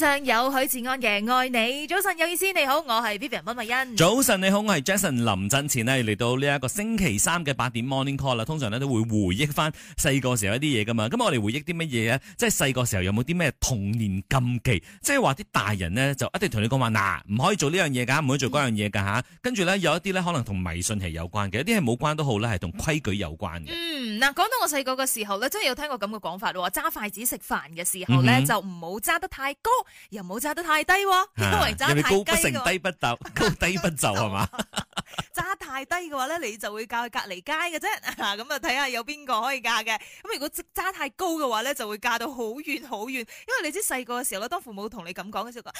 上有許志安嘅《愛你》。早晨有意思，你好，我係 Vivian 林柏恩。早晨你好，我係 Jason 林振前。咧，嚟到呢一個星期三嘅八點 Morning Call 啦。通常咧都會回憶翻細個時候一啲嘢噶嘛。咁我哋回憶啲乜嘢咧？即係細個時候有冇啲咩童年禁忌？即係話啲大人呢就一定同你講話嗱，唔可以做呢樣嘢㗎，唔可以做嗰樣嘢㗎嚇。跟住呢，有一啲呢可能同迷信係有關嘅，一啲係冇關都好呢係同規矩有關嘅。嗯，嗱，講到我細個嘅時候呢，真係有聽過咁嘅講法喎。揸筷子食飯嘅時候呢，嗯、哼就唔好揸得太高。又冇揸得太低，啊，因為揸得太低，啊，啊、有高不成低不就， 高低不就係嘛？ 是嗎 太低嘅話咧，你就會嫁去隔籬街嘅啫，咁啊睇下有邊個可以嫁嘅。咁如果揸太高嘅話咧，就會嫁到好遠好遠。因為你知細個嘅時候咧，當父母同你咁講嘅時候，啊、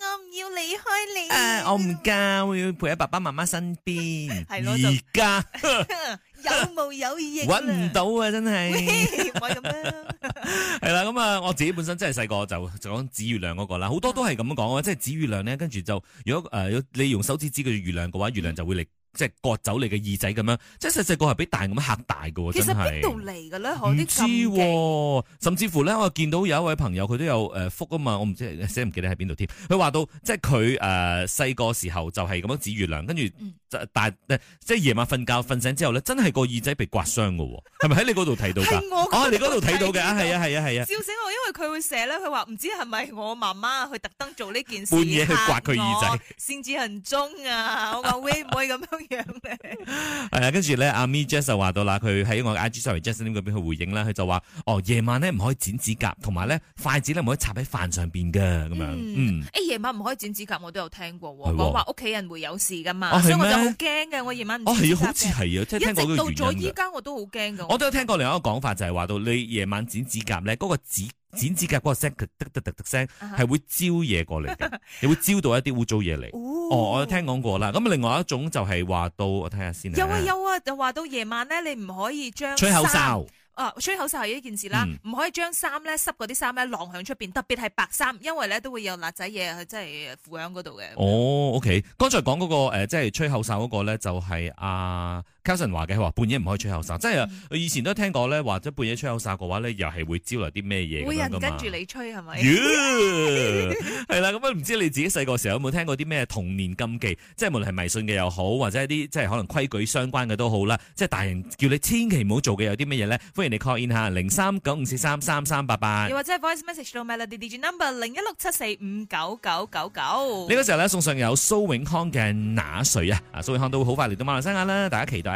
我唔要離開你，我唔嫁，我要陪喺爸爸媽媽身邊。係咯， 就而家現在 有冇有意，搵唔到啊，真係。係啦， 咁啊， 我自己本身真係細個就就講指月亮嗰、那個啦，好多都係咁樣講即係指月亮咧，跟住就如果誒、呃、你用手指指佢月亮嘅話，月亮就會嚟。即係割走你嘅耳仔咁樣，即係細細個係俾大咁樣吓大嘅，其實邊度嚟嘅咧？嗬，啲咁勁，甚至乎咧，我見到有一位朋友佢都有誒，福啊嘛，我唔知寫唔記得喺邊度添。佢話到，即係佢誒細個時候就係咁樣指月亮，跟住大即係夜晚瞓覺瞓醒之後咧，真係個耳仔被刮傷嘅，係咪喺你嗰度睇到噶？我喺你嗰度睇到嘅，係啊係啊係啊！笑死我，因為佢會寫咧，佢話唔知係咪我媽媽去特登做呢件事。半夜去刮佢耳仔，先至行蹤啊！我話喂，唔可以咁樣。係啦，跟住咧，阿咪 Jess 就話到啦，佢喺我 IG 上面 Jesse 嗰邊去回應啦，佢就話：哦，夜晚咧唔可以剪指甲，同埋咧筷子咧唔可以插喺飯上邊嘅咁樣。嗯，誒、欸，夜晚唔可以剪指甲，我都有聽過、哦，我話屋企人會有事噶嘛，啊、所以我就好驚嘅。我夜晚哦，係好似係啊，即係聽到到咗依家，我都好驚嘅。我都有聽過另一個講法，就係話到你夜晚剪指甲咧，嗰、嗰個指剪指甲嗰個聲，滴滴滴滴聲，係會招嘢過嚟嘅，你會招到一啲污糟嘢嚟。哦，哦，我有聽講過啦。咁另外一種就係話到，我睇下先。有啊有啊，就話、啊、到夜晚咧，你唔可以將吹口哨。啊，吹口哨係一件事啦，唔、嗯、可以將衫咧濕嗰啲衫咧晾喺出邊，特別係白衫，因為咧都會有邋遢嘢去即係腐響嗰度嘅。哦，OK，剛才講嗰、那個即係、呃、吹口哨嗰個咧，就係、是、阿、啊。卡神話嘅，佢話半夜唔可以吹口哨，嗯、即係啊，以前都聽過咧，或者半夜吹口哨嘅話咧，又係會招來啲咩嘢噶嘛？會人跟住你吹係咪？係啦，咁啊唔知你自己細個時候有冇聽過啲咩童年禁忌？即係無論係迷信嘅又好，或者一啲即係可能規矩相關嘅都好啦。即係大人叫你千祈唔好做嘅有啲咩嘢咧？歡迎你 call in 下零三九五四三三三八八，又或者 voice message 到 Melody DJ number 零一六七四五九九九九。呢個時候咧送上有蘇永康嘅那誰啊！啊，蘇永康都會好快嚟到馬來西亞啦，大家期待。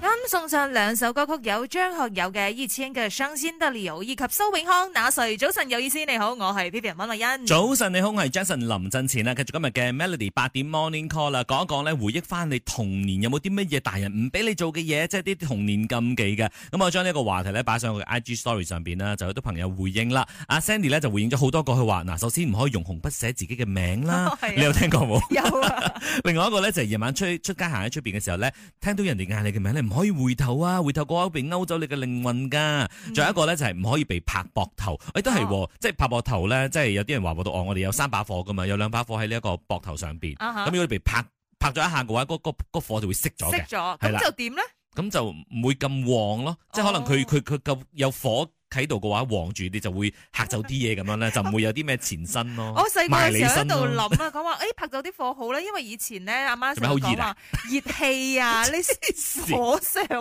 今送上兩首歌曲，有張學友嘅《一千個傷心的理由》，以及蘇永康《那誰》。早晨有意思，你好，我係 P P R 溫麗欣。早晨你好，我係 Jason 林振前啊！繼續今日嘅 Melody 八點 Morning Call 啦，講一講咧，回憶翻你童年有冇啲乜嘢大人唔俾你做嘅嘢，即係啲童年禁忌嘅。咁我將呢個話題咧擺上我嘅 I G Story 上邊啦，就有啲朋友回應啦。阿 Sandy 咧就回應咗好多個，佢話：嗱，首先唔可以用紅筆寫自己嘅名啦。 啊、你有聽過冇？ 有、啊。 另外一個咧就係夜晚出出街行喺出邊嘅時候咧，聽到人哋嗌你嘅名唔可以回頭啊！回頭個口會被勾走你嘅靈魂噶。仲、嗯、有一個咧，就係唔可以被拍膊頭。誒、哎，都係、啊，哦、即係拍膊頭咧，即係有啲人話到，哦，我哋有三把火噶嘛，有兩把火喺呢一個膊頭上邊。咁、啊、哈 如果你被拍拍咗一下嘅話，嗰、那、嗰、個那個、火就會熄咗。熄咗，咁了就點咧？咁就唔會咁旺咯，即係可能佢佢佢咁有火。喺度嘅話，望住你就會嚇走啲嘢咁樣咧，就唔會有啲咩前身咯。我細個嘅時候喺度諗啊，講話誒拍咗啲火好咧，因為以前咧阿媽成日講話熱氣啊，呢啲火上嚟，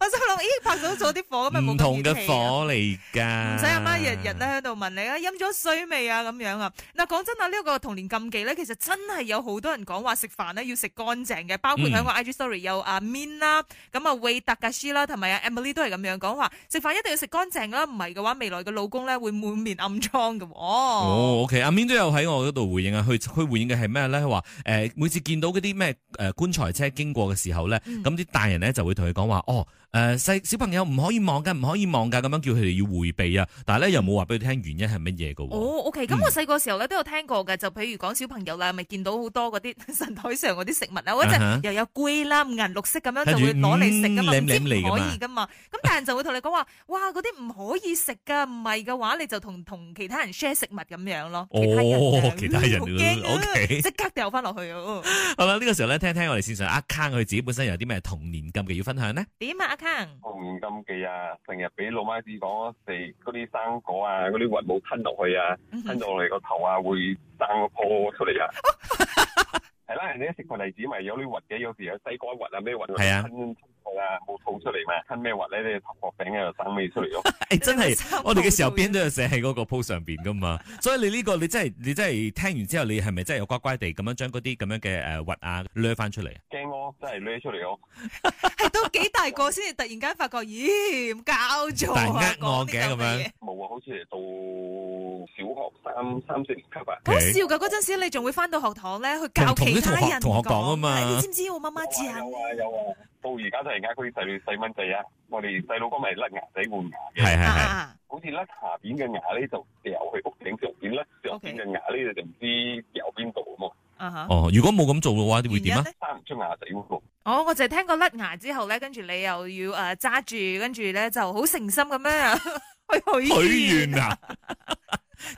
我就諗誒拍到咗啲火咁啊，唔同嘅火嚟㗎。唔使阿媽日日咧喺度問你咧飲咗水未啊咁樣啊。嗱講真啊，呢個童年禁忌咧，其實真係有好多人講話食飯咧要食乾淨嘅，包括喺我個 IG story 有阿 Min 啦，咁啊魏達格舒啦同埋阿 Emily 都係咁樣講話，食飯一定要食乾淨。.啦，唔係嘅話，未來嘅老公咧會滿面暗瘡嘅。哦，哦、oh，OK，阿 Min 都有喺我嗰度回應啊，佢佢回應嘅係咩咧？佢話誒，每次見到嗰啲咩誒棺材車經過嘅時候咧，咁啲，嗯、大人咧就會同佢講話，哦。誒，細小朋友唔可以望噶，唔可以望噶，咁樣叫佢哋要回避啊！但係咧又冇話俾佢聽原因係乜嘢噶。哦，OK，咁我細個時候咧都有聽過嘅，就譬如講小朋友啦，咪見到好多嗰啲神台上嗰啲食物啊，即係又有龜啦，銀綠色咁樣就會攞嚟食噶嘛，唔可以噶嘛。咁但係就會同你講話，哇，嗰啲唔可以食噶，唔係嘅話你就同同其他人 share 食物咁樣咯。哦，其他人驚啊，即刻掉翻落去。好啦，呢個時候咧，聽聽我哋線上阿 c 佢自己本身有啲咩童年禁忌要分享呢？點啊？我唔禁忌啊！成日俾老媽子講，食嗰啲生果啊，嗰啲核冇吞落去啊，吞落嚟個頭啊，會生個包出嚟啊！係啦，人哋一食個例子咪有啲核嘅，有時有西瓜核啊咩核啊，吞吞落去啦，冇吐出嚟咩？吞咩核咧？你頭殼頂又生咩出嚟哦？誒，真係，我哋嘅時候邊都有寫喺嗰個 post 上邊噶嘛。所以你呢個你真係你真係聽完之後，你係咪真係又乖乖地咁樣將嗰啲咁樣嘅誒核啊掠翻出嚟啊？驚咯，真係掠出嚟咯，係都幾大個先至突然間發覺，咦，教咗啊？我嘅咁樣，冇啊，好似嚟到。小學三三四年級啊！搞笑嗰陣時，你仲會翻到學堂咧去教跟其他人同學講啊嘛？你知唔知我媽媽知啊？有啊有啊！到而家都係家佢細細蚊仔啊！我哋細佬哥咪甩牙仔換牙嘅，係好似甩下邊嘅牙咧就掉去屋頂上邊，甩屋邊嘅牙咧就唔知掉邊度啊哦，如果冇咁做嘅話，啲會點啊？生唔出牙仔換？哦，我就係聽過甩牙之後咧，跟住你又要誒揸住，跟住咧就好誠心咁樣許願啊！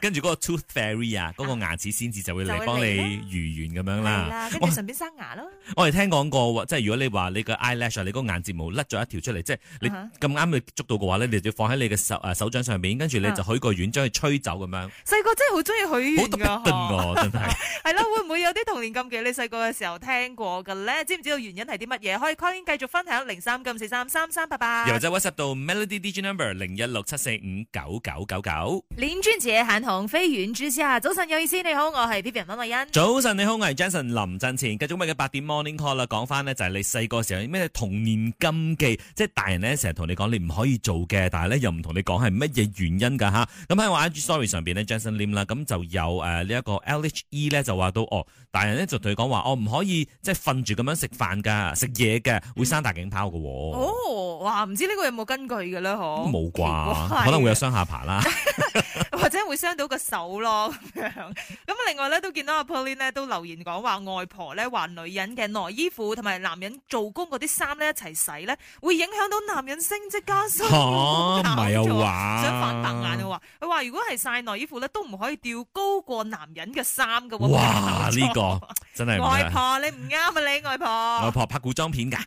跟住嗰個 tooth fairy 啊，嗰個牙齒仙子就會嚟幫你如願咁樣啦。係啦，跟住順便生牙咯。我哋聽講過，即係如果你話你個 eyelash，你嗰個眼睫毛甩咗一條出嚟，即係你咁啱嘅捉到嘅話咧，你就要放喺你嘅手誒手掌上面，跟住你就許個願，將佢吹走咁樣。細個真係好中意許願。好獨登㗎，真係。係啦，會唔會有啲童年禁忌？你細個嘅時候聽過嘅咧？知唔知道原因係啲乜嘢？可以 call in 繼續分享零三金四三三三八八。由 WhatsApp 到 Melody Number 零一六七四五九九九九。鏈專同飛遠主持啊，早晨有意思，你好，我係 Peter 文慧欣。早晨你好，我係 Jason 林振前。繼續今嘅八點 morning call 啦，講翻呢，就係你細個時候咩童年禁忌，即係大人呢，成日同你講你唔可以做嘅，但係咧又唔同你講係乜嘢原因噶吓。咁喺我 I G story 上邊呢 Jason Lim 啦，咁就有誒呢一個 L H E 咧就話到哦，大人咧就同你講話我唔可以即係瞓住咁樣食飯噶，食嘢嘅，會生大頸泡噶、哦。哦，哇，唔知呢個有冇根據嘅啦？嗬吧，冇啩怪，可能會有雙下巴啦。 即係會傷到個手咯咁樣。咁啊，另外咧都見到阿 Pauline 咧都留言講話，外婆咧話女人嘅內衣褲同埋男人做工嗰啲衫咧一齊洗咧，會影響到男人升職加薪。同埋又話想反瞪眼佢話如果係曬內衣褲咧，都唔可以吊高過男人嘅衫噶。哇！呢打錯 個真係外婆，你唔啱啊！你外婆，外婆拍古裝片噶。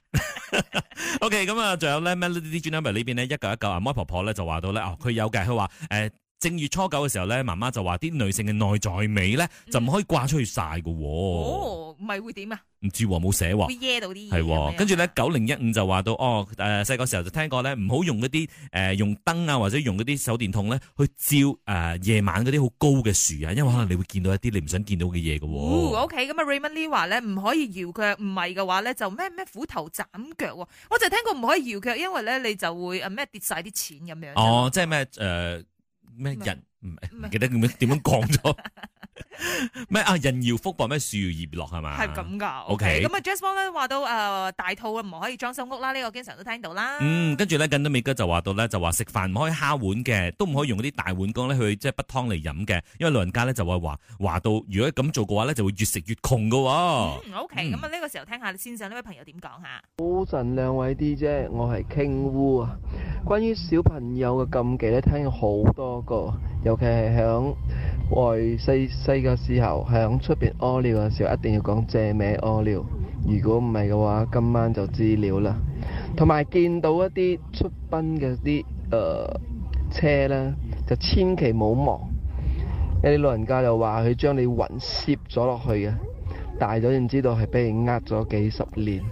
OK，咁啊，仲有咧，Melody Djanmy 呢邊咧一嚿一嚿阿媽婆婆咧就話到咧，佢有嘅，佢話誒。正月初九嘅時候咧，媽媽就話啲女性嘅內在美咧就唔可以掛出去曬嘅。哦，唔係會點啊？唔知冇寫話。會耶到啲嘢。係跟住咧，九零一五就話到哦。誒，細個時候就聽過咧，唔好用嗰啲誒用燈啊，或者用嗰啲手電筒咧去照誒夜晚嗰啲好高嘅樹啊，因為可能你會見到一啲你唔想見到嘅嘢嘅。OK，咁啊，Raymond Lee 話咧唔可以搖腳，唔係嘅話咧就咩咩斧頭斬腳。我就聽過唔可以搖腳，因為咧你就會誒咩跌曬啲錢咁樣。哦，即係咩誒？咩人唔係唔記得點樣點樣講咗？ 咩啊？ 人搖福薄，咩樹搖葉落係嘛？係咁噶。OK，咁啊，Just One 咧話到誒，大肚唔可以裝修屋啦。呢個經常都聽到啦。嗯，跟住咧，近都美哥就話到咧，就話食飯唔可以蝦碗嘅，都唔可以用嗰啲大碗缸咧去即係滗湯嚟飲嘅。因為老人家咧就話話話到，如果咁做嘅話咧，就會越食越窮噶。嗯，OK，咁啊呢個時候聽下先生呢位朋友點講下。好，神兩位 D 姐，姐，我係 King Wu 啊。關於小朋友嘅禁忌咧，聽咗好多個。尤其係響外細細嘅時候，響出邊屙尿嘅時候，一定要講借名屙尿。如果唔係嘅話，今晚就知尿啦。同埋見到一啲出殯嘅啲誒車呢，就千祈冇忙。一啲老人家就話：佢將你暈攝咗落去嘅，大咗先知道係俾人呃咗幾十年。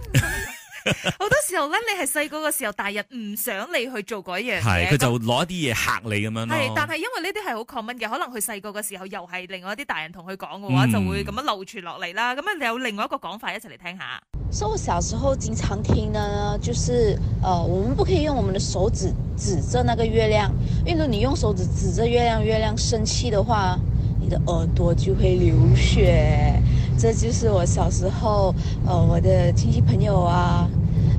就咧，你係細個嘅時候，大人唔想你去做嗰樣係，佢就攞啲嘢嚇你咁樣咯。那是但係因為呢啲係好 common 嘅，可能佢細個嘅時候又係另外一啲大人同佢講嘅話，嗯、就會咁樣流傳落嚟啦。咁你有另外一個講法，一齊嚟聽下。所以、so, 我小時候經常聽呢，就是，誒、呃，我們不可以用我們的手指指着那個月亮，因為如果你用手指指着月亮，月亮生氣的話，你的耳朵就會流血。這就是我小時候，呃，我的親戚朋友啊。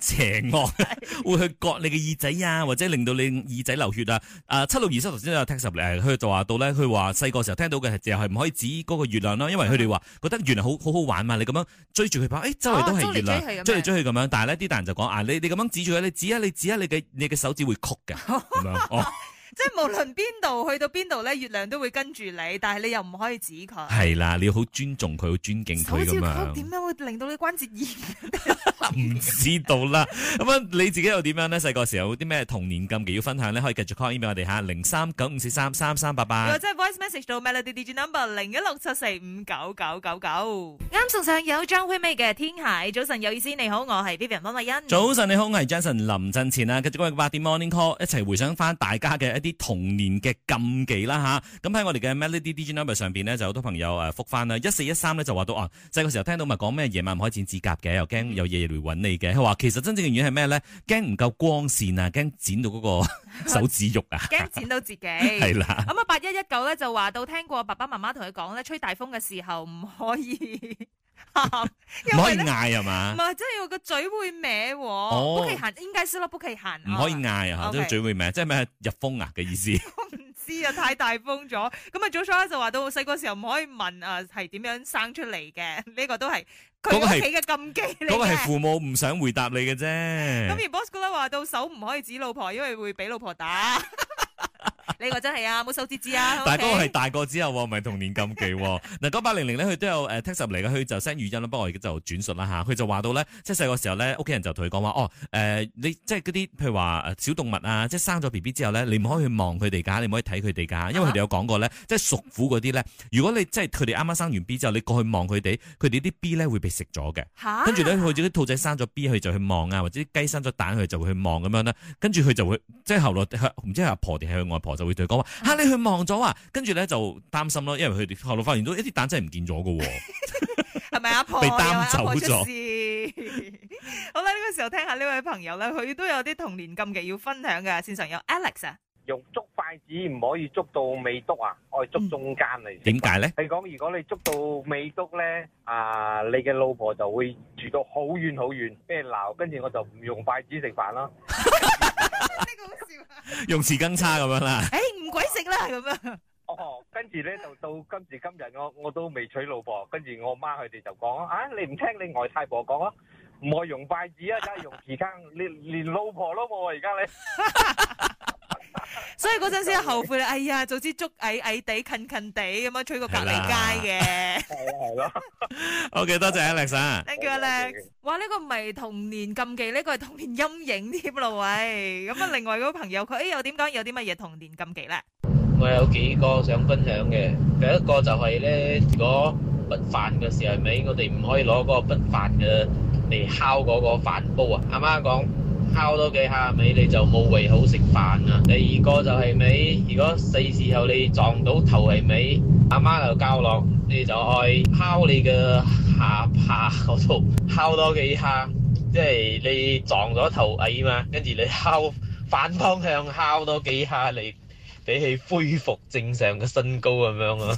邪惡 會去割你嘅耳仔啊，或者令到你耳仔流血啊！啊、呃，七六二七頭先都有聽十，誒，佢就話到咧，佢話細個時候聽到嘅係又係唔可以指嗰個月亮咯、啊，因為佢哋話覺得月亮好好好玩嘛，你咁樣追住佢跑，誒、哎，周圍都係月亮，啊、追嚟追去咁樣，去樣，但係呢啲大人就講，啊，你你咁樣指住佢，你指啊，你指啊，你嘅你嘅手指會曲㗎， 即係無論邊度去到邊度咧，月亮都會跟住你，但係你又唔可以指佢。係啦，你要好尊重佢，好尊敬佢咁樣。手指骨點樣會令到你關節炎？唔知道啦。咁啊，你自己又點樣咧？細個時候有啲咩童年禁忌要分享咧？可以繼續 call email 我哋吓零三九五四三三三八八，或者係 voice message 到 Melody DJ number 零一六七四五九九九九。啱送上有張灰眉嘅天蟹，早晨有意思你好，我係 Vivian 溫慧欣。早晨你好，我係 Jason 林振前啊，繼續今日八點 morning call 一齊回想翻大家嘅一啲。童年嘅禁忌啦嚇，咁喺我哋嘅 Melody DJ Number 上邊咧，就好多朋友誒覆返啦。一四一三咧就話到啊，細個時候聽到咪講咩夜晚唔可以剪指甲嘅，又驚有夜夜嚟揾你嘅。佢話其實真正嘅原因係咩咧？驚唔夠光線啊，驚剪到嗰個 手指肉啊，驚剪到自己係啦。咁啊，八一一九咧就話到聽過爸爸媽媽同佢講咧，吹大風嘅時候唔可以。 唔 為呢 可以嗌呀嘛，唔係即係個嘴會歪，喔 oh, 不，不可以行，應該 Okay. 是咯，不可以行。唔可以嗌吓，都係嘴會歪，即係咩入風啊嘅意思。唔 知啊，太大風咗。咁啊，早楚咧就話到細個時候唔可以問啊，係點樣生出嚟嘅？呢個都係佢屋企嘅禁忌，嗰個係父母唔想回答你嘅啫。咁 而 Bosco 都話到手唔可以指老婆，因為會俾老婆打。 你話真係啊，冇手指指啊！大哥係大個之後，唔係童年禁忌。嗱、 啊，九八零零咧，佢都有誒聽入嚟嘅，佢就 send 語音啦。不過我而家就轉述啦吓，佢就話到咧，即係細個時候咧，屋企人就同佢講話，哦誒、呃，你即係嗰啲譬如話小動物啊，即係生咗 B B 之後咧，你唔可以去望佢哋㗎，你唔可以睇佢哋㗎，因為佢哋有講過咧，即係屬虎嗰啲咧，如果你即係佢哋啱啱生完 B 之後，你過去望佢哋，佢哋啲 B 咧會被食咗嘅。跟住咧，好似啲兔仔生咗 B，佢就去望啊，或者啲雞生咗蛋，佢就，就會去望咁樣啦。跟住佢就會即係後來唔知係就會同佢講話，吓你去望咗啊，跟住咧就擔心咯，因為佢哋後度發現到一啲蛋真係唔見咗噶，係咪阿婆？被擔走咗。好啦，呢個時候聽下呢位朋友咧，佢都有啲童年禁忌要分享噶。線上有 Alex 啊，用捉筷子唔可以捉到尾篤啊，我係捉中間嚟。點解咧？你講，如果你捉到尾篤咧，啊，你嘅老婆就會住到好遠好遠俾人鬧，跟住我就唔用筷子食飯咯。 用匙羹叉咁樣啦，誒唔鬼食啦咁樣。哦、欸，跟住咧就到今時今日我我都未娶老婆，跟住我媽佢哋就講啊，你唔聽你外太婆講啊，唔愛用筷子啊，梗係用匙羹。」連連老婆都冇啊，而家你。 所以嗰陣時後悔啦，哎呀，早知捉矮矮地，近近地咁樣吹過隔籬街嘅。係啊，係咯。O K，多謝 Alex。Thank you，Alex。哇，呢個唔係童年禁忌，呢個係童年陰影添咯，喂。咁啊，另外嗰個朋友，佢誒，又點講？有啲乜嘢童年禁忌咧？我有幾個想分享嘅，第一個就係咧，如果不飯嘅時候，咪我哋唔可以攞嗰個不飯嘅嚟敲嗰個飯煲啊。啱啱講。敲多幾下尾，你就冇胃口食飯啦。第二個就係尾，如果細時候你撞到頭係尾，阿媽就教落，你就去敲你嘅下巴嗰度，敲多幾下，即係你撞咗頭矮嘛，跟住你敲反方向敲多幾下你。比起恢復正常嘅身高咁樣咯，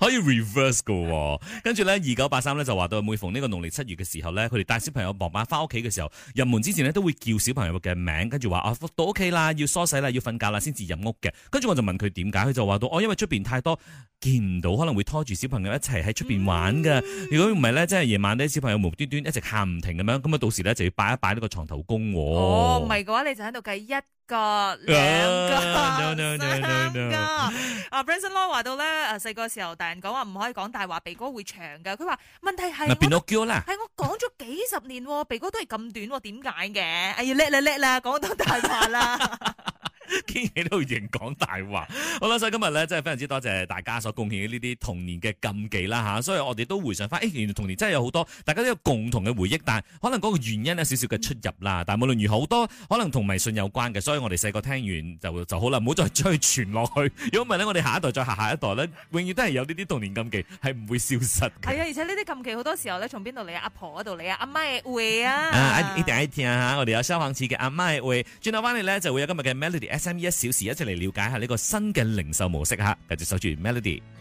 可以 reverse 嘅、啊。跟住咧，二九八三咧就話到每逢呢個農曆七月嘅時候咧，佢哋帶小朋友傍晚翻屋企嘅時候，入門之前咧都會叫小朋友嘅名，跟住話啊到屋企啦，要梳洗啦，要瞓覺啦，先至入屋嘅。跟住我就問佢點解，佢就話到哦、啊，因為出邊太多見唔到，可能會拖住小朋友一齊喺出邊玩噶。如果唔係咧，即係夜晚啲小朋友無端端一直喊唔停咁樣，咁啊到時咧就要擺一擺呢個床頭公喎、啊。哦，唔係嘅話，你就喺度計一。個兩個、oh, no, no, 三個啊 Branson、no, n、no, no, no, no. uh, Law 話到咧，誒，細個時候大人講話唔可以講大話，鼻哥會長噶。佢話問題係變到嬌啦，係 我講咗 幾十年， 鼻哥都係咁短，點解嘅？哎呀，叻啦叻啦，講到大話啦。 驚你都認講大話，好啦，所以今日咧真係非常之多謝大家所貢獻嘅呢啲童年嘅禁忌啦吓，所以我哋都回想翻，誒，原來童年真係有好多，大家都有共同嘅回憶，但係可能嗰個原因有少少嘅出入啦，但係無論如何好多可能同迷信有關嘅，所以我哋細個聽完就就好啦，唔好再將佢傳落去，如果唔係咧，我哋下一代再下下一代咧，永遠都係有呢啲童年禁忌係唔會消失。係啊，而且呢啲禁忌好多時候咧從邊度嚟啊？阿婆嗰度嚟啊？阿媽會啊？啊，一定一定啊！我哋有消防詞嘅阿媽會，轉頭翻嚟咧就會有今日嘅 Melody。SME 一小時一齊嚟了解下呢個新嘅零售模式吓！繼續守住 Melody。Mel